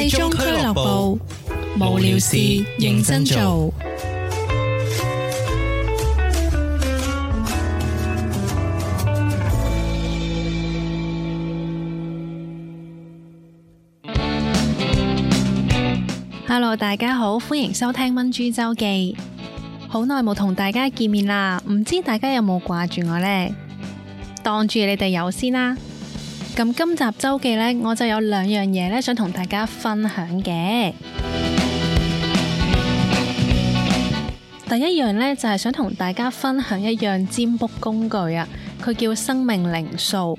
細中俱樂部，無聊事認真做。Hello，大家好，歡迎收聽《蚊豬周記》。好耐冇同大家見面啦，唔知大家有冇掛住我呢？當住你哋有先啦。咁今集周記呢，我就有兩樣嘢呢，想同大家分享嘅。第一樣呢，就係想同大家分享一樣占卜工具啊，佢叫生命靈數。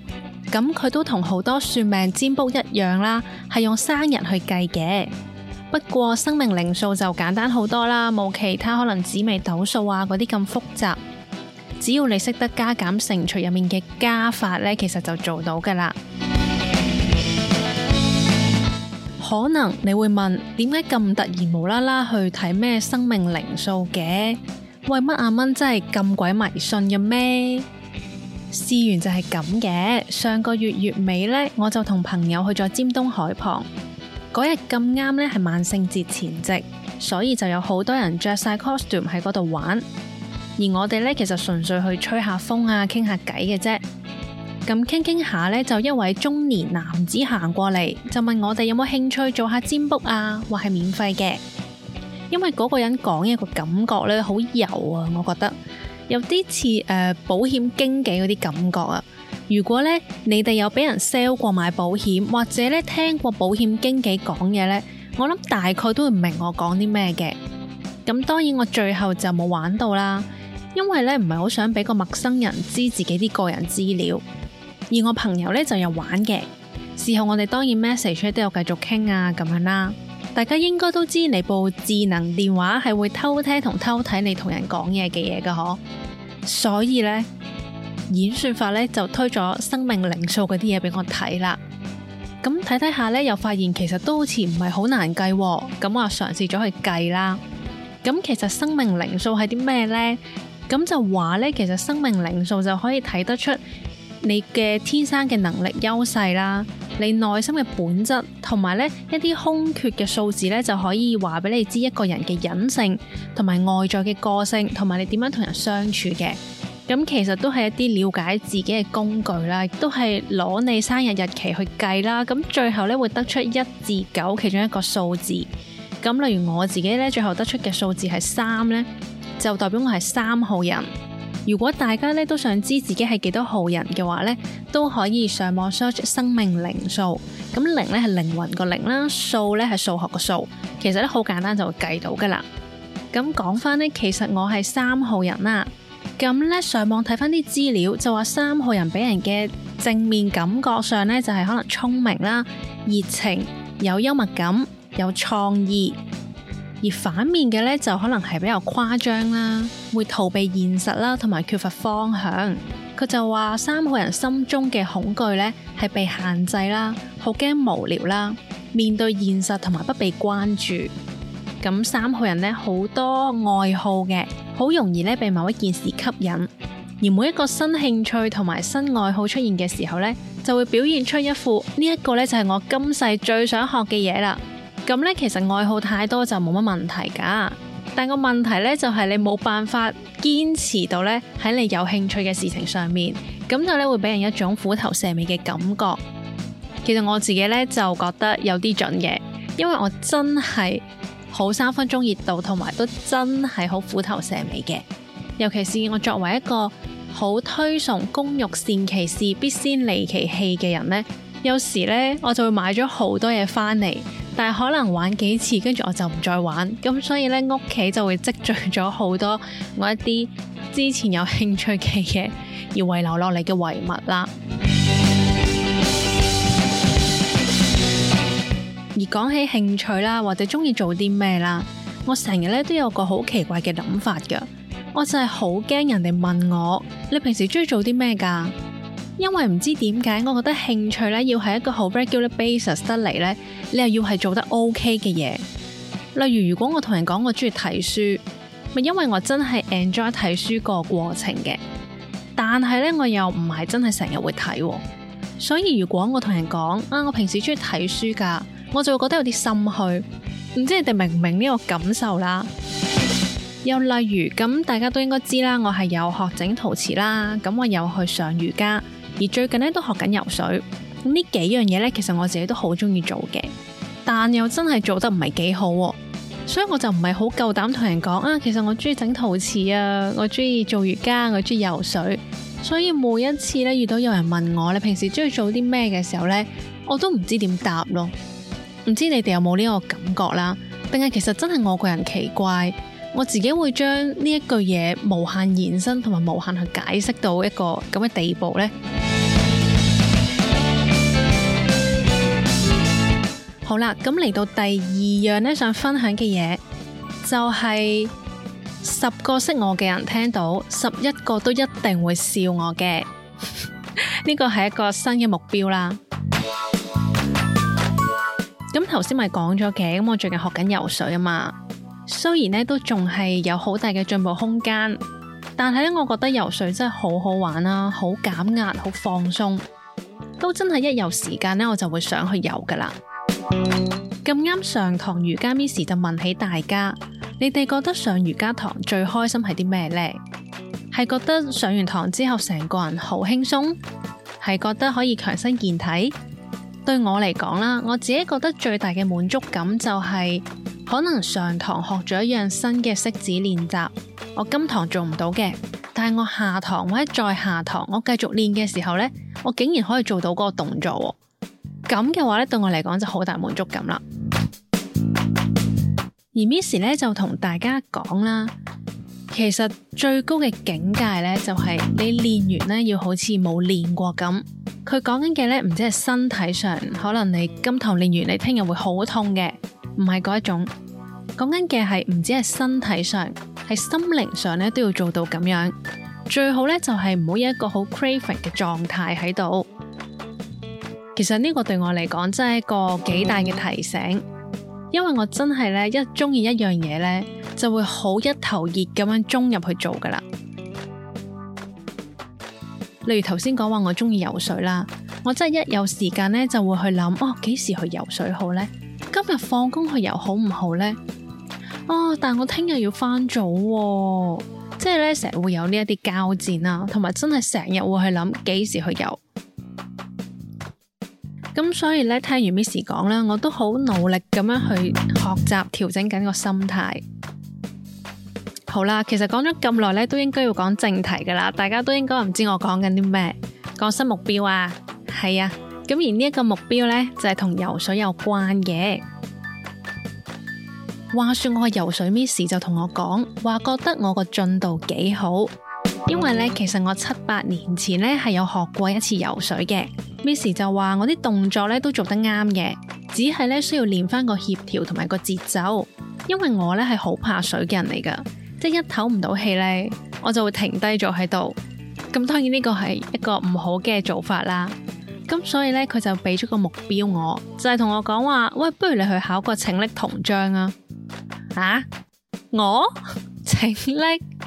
咁佢都同好多算命占卜一樣啦，係用生日去計嘅。不過生命靈數就簡單好多啦，冇其他可能紫微斗數啊嗰啲咁複雜。只要你識得加減乘除入面嘅加法呢，其實就做到噶啦。 可能你會問，點解咁突然無啦啦去睇咩生命靈數嘅？為乜阿蚊真係咁鬼迷信嘅咩？事源就係咁嘅。上個月月尾呢，我就同朋友去咗尖東海旁。嗰日咁啱呢係萬聖節前夕，所以就有好多人着晒 costume 喺嗰度玩。而我哋咧，其實純粹去吹下風啊，傾下偈嘅啫。咁傾傾下咧，就一位中年男子行過嚟，就問我哋有冇興趣做下占卜啊，話係免費嘅。因為嗰個人講嘢個感覺咧，好油啊，我覺得有啲似誒保險經紀嗰啲感覺啊。如果咧你哋有俾人 sell 過買保險，或者咧聽過保險經紀講嘢咧，我諗大概都會唔明我講啲咩嘅。咁當然我最後就冇玩到啦。因為咧唔係好想俾個陌生人知自己啲個人資料，而我朋友咧就有玩嘅，事後我哋當然 message 都有繼續傾啊咁樣啦。大家應該都知你部智能電話係會偷聽同偷睇你同人講嘢嘅嘢噶，嗬。所以咧演算法，咧就推咗生命靈數嗰啲嘢俾我睇啦。咁睇睇下咧，又發現其實都好似唔係好難計。咁我嘗試咗去計啦。咁其實生命靈數係啲咩呢？咁就話咧，其實生命靈數就可以睇得出你嘅天生嘅能力優勢啦，你內心嘅本質同埋咧一啲空缺嘅數字咧就可以話俾你知一個人嘅隱性同埋外在嘅個性同埋你點樣同人相處嘅。咁其實都係一啲了解自己嘅工具啦，都係攞你生日日期去計啦。咁最後咧會得出一至九其中一個數字。咁例如我自己咧最後得出嘅數字係三咧。就代表我係三號人。如果大家咧都想知自己係幾多號人嘅話呢，都可以上網 search 生命靈數。咁靈咧係靈魂個靈啦，數咧係數學個數。其實咧好簡單就會計到噶啦。咁講翻呢，其實我係三號人啦。咁咧上網睇翻啲資料，就話三號人俾人嘅正面感覺上咧，就係可能聰明啦、熱情、有幽默感、有創意。而反面嘅咧，就可能係比較誇張啦，會逃避現實啦，同埋缺乏方向。佢就話三號人心中嘅恐懼咧，係被限制啦，好驚無聊啦，面對現實同埋不被關注。咁三號人咧好多愛好嘅，好容易咧被某一件事吸引。而每一個新興趣同埋新愛好出現嘅時候咧，就會表現出一副呢一個咧就係我今世最想學嘅嘢啦。咁咧，其實愛好太多就冇乜問題噶，但個問題咧就係你冇辦法堅持到咧喺你有興趣嘅事情上面，咁就咧會俾人一種虎頭蛇尾嘅感覺。其實我自己咧就覺得有啲準嘅，因為我真係好三分鐘熱度，同埋都真係好虎頭蛇尾嘅。尤其是我作為一個好推崇工欲善其事，必先利其器嘅人咧，有時咧我就會買咗好多嘢返嚟。但係可能玩幾次，跟住我就唔再玩，咁所以咧屋企就會積聚咗好多我一啲之前有興趣嘅嘢而遺留落嚟嘅遺物啦。而講 起興趣啦，或者中意做啲咩啦，我成日咧都有個好奇怪嘅諗法噶，我就係好驚人哋問我，你平時中意做啲咩噶？因為唔知點解，我覺得興趣咧要係一個好 regular basis 得嚟咧，你又要係做得 OK 嘅嘢。例如，如果我同人講我中意睇書，咪因為我真係 enjoy 睇書個過程嘅。但係咧，我又唔係真係成日會睇，所以如果我同人講啊，我平時中意睇書噶，我就會覺得有啲心虛，唔知你哋明唔明呢個感受啦？又例如咁，大家都應該知啦，我係有學整陶瓷啦，咁我有去上瑜伽。而最近咧都學緊游水，呢幾樣嘢咧，其實我自己都好中意做嘅，但又真係做得唔係幾好，所以我就唔係好夠膽同人講啊。其實我中意整陶瓷啊，我中意做瑜伽，我中意游水，所以每一次咧遇到有人問我你平時中意做啲咩嘅時候咧，我都唔知點答咯。唔知你哋有冇呢個感覺啦？定係其實真係我個人奇怪，我自己會將呢一句嘢無限延伸，同埋無限去解釋到一個咁嘅地步呢。好啦，咁嚟到第二樣咧，想分享嘅嘢就係、是、十個識我嘅人聽到，十一個都一定會笑我嘅。呢個係一個新嘅目標啦。咁頭先咪講咗嘅，咁 我最近學緊游水啊嘛。雖然咧都仲係有好大嘅進步空間，但係咧我覺得游水真係好好玩啦，好減壓，好放鬆，都真係一有時間咧，我就會想去游噶啦。咁啱上堂瑜伽 miss 就問起大家，你哋覺得上瑜伽堂最開心係啲咩咧？係覺得上完堂之後成個人好輕鬆，係覺得可以強身健體？對我嚟講啦，我自己覺得最大嘅滿足感就係、是、可能上堂學咗一樣新嘅式子練習，我今堂做唔到嘅，但係我下堂或者再下堂，我繼續練嘅時候咧，我竟然可以做到嗰個動作。咁嘅話咧，對我嚟講就好大滿足感啦。而 Miss 咧就同大家講啦，其實最高嘅境界呢，就係你練完呢，要好似冇練過咁。佢講緊嘅呢，唔只係身體上，可能你今堂練完，你聽日會好痛嘅，唔係嗰一種。講緊嘅係唔止係身體上，係心靈上咧都要做到咁樣。最好呢，就係唔好有一個好 craving 嘅狀態喺度。其實呢個對我嚟講真係一個幾大嘅提醒，因為我真係咧一中意一樣嘢咧就會好一頭熱咁樣衝入去做噶啦。例如頭先講話我中意游水啦，我真係一有時間咧就會去諗哦，幾時去游水好呢？今日放工去游好唔好呢？」哦，但我聽日要翻早喎，即係咧成日會有呢一啲交戰啊，同埋真係成日會去諗幾時去游。咁所以咧，聽完 Miss 講啦，我都好努力咁樣去學習調整緊個心態。好啦，其實講咗咁耐咧，都應該要講正題噶啦，大家都應該唔知我講緊啲咩，講新目標啊，係啊，咁而呢一個目標呢，就係同游水有關嘅。話說我游水，Miss 就同我講話，覺得我個進度幾好，因為呢，其實我七八年前呢，係有學過一次游水嘅。Miss 就話我啲動作咧都做得啱嘅，只係咧需要練翻個協調同埋個節奏，因為我咧係好怕水嘅人嚟㗎，即係一唞唔到氣咧，我就會停低咗喺度。咁當然呢個係一個唔好嘅做法啦，咁所以咧佢就俾咗個目標我，就係、是、同我講話，喂，不如你去考個拯溺銅章啊。啊，我拯溺？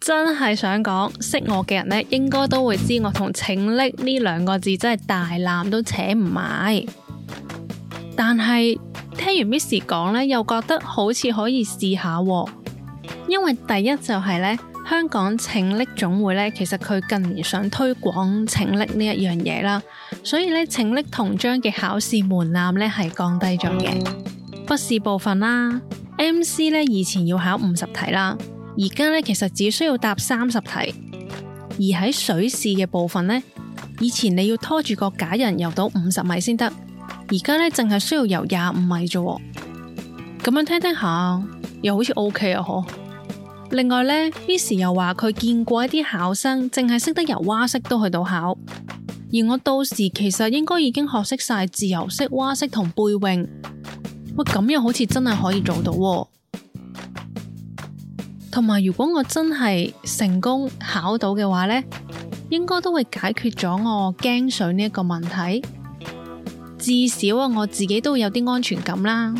真係想講，識我嘅人咧，應該都會知我同拯溺呢兩個字真係大纜都扯唔埋。但係聽完 Miss 講呢，又覺得好似可以試下，啊，因為第一就係、是、呢，香港拯溺總會呢，其實佢近年想推廣拯溺呢一樣嘢啦，所以呢，拯溺銅章嘅考試門檻呢係降低咗嘅，筆試部分啦，MC 呢，以前要考五十題啦。而家咧，其實只需要答三十題，而喺水試嘅部分呢，以前你要拖住個假人游到五十米先得，而家咧淨係需要游廿五米啫。咁樣聽聽下，又好似 OK 啊！嗬，另外呢，Miss 又話佢見過一啲考生淨係識得游蛙式都去到考，而我到時其實應該已經學識晒自由式、蛙式同背泳，喂咁又好似真係可以做到。同埋，如果我真係成功考到嘅話呢，應該都會解決咗我驚水呢一個問題，至少啊我自己都有啲安全感啦。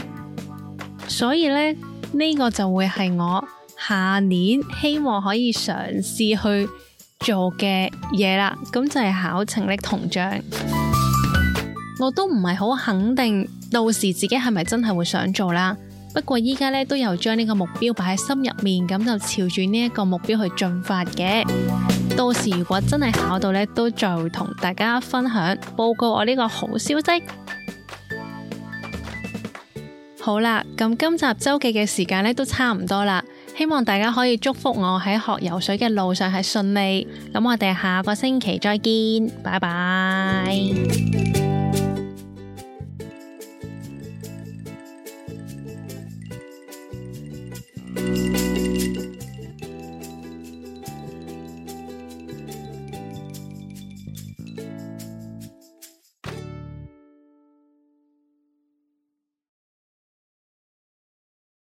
所以呢，呢、呢個就會係我下年希望可以嘗試去做嘅嘢啦。咁就係考情力同像，我都唔係好肯定，到時自己係咪真係會想做啦。不過依家咧都有將呢個目標擺喺心入面，咁就朝住呢一個目標去進發嘅。到時如果真係考到呢，都再同大家分享報告我呢個好消息。好啦，咁今集周記嘅時間呢都差唔多啦，希望大家可以祝福我喺學游水嘅路上係順利。咁我哋下個星期再見，拜拜。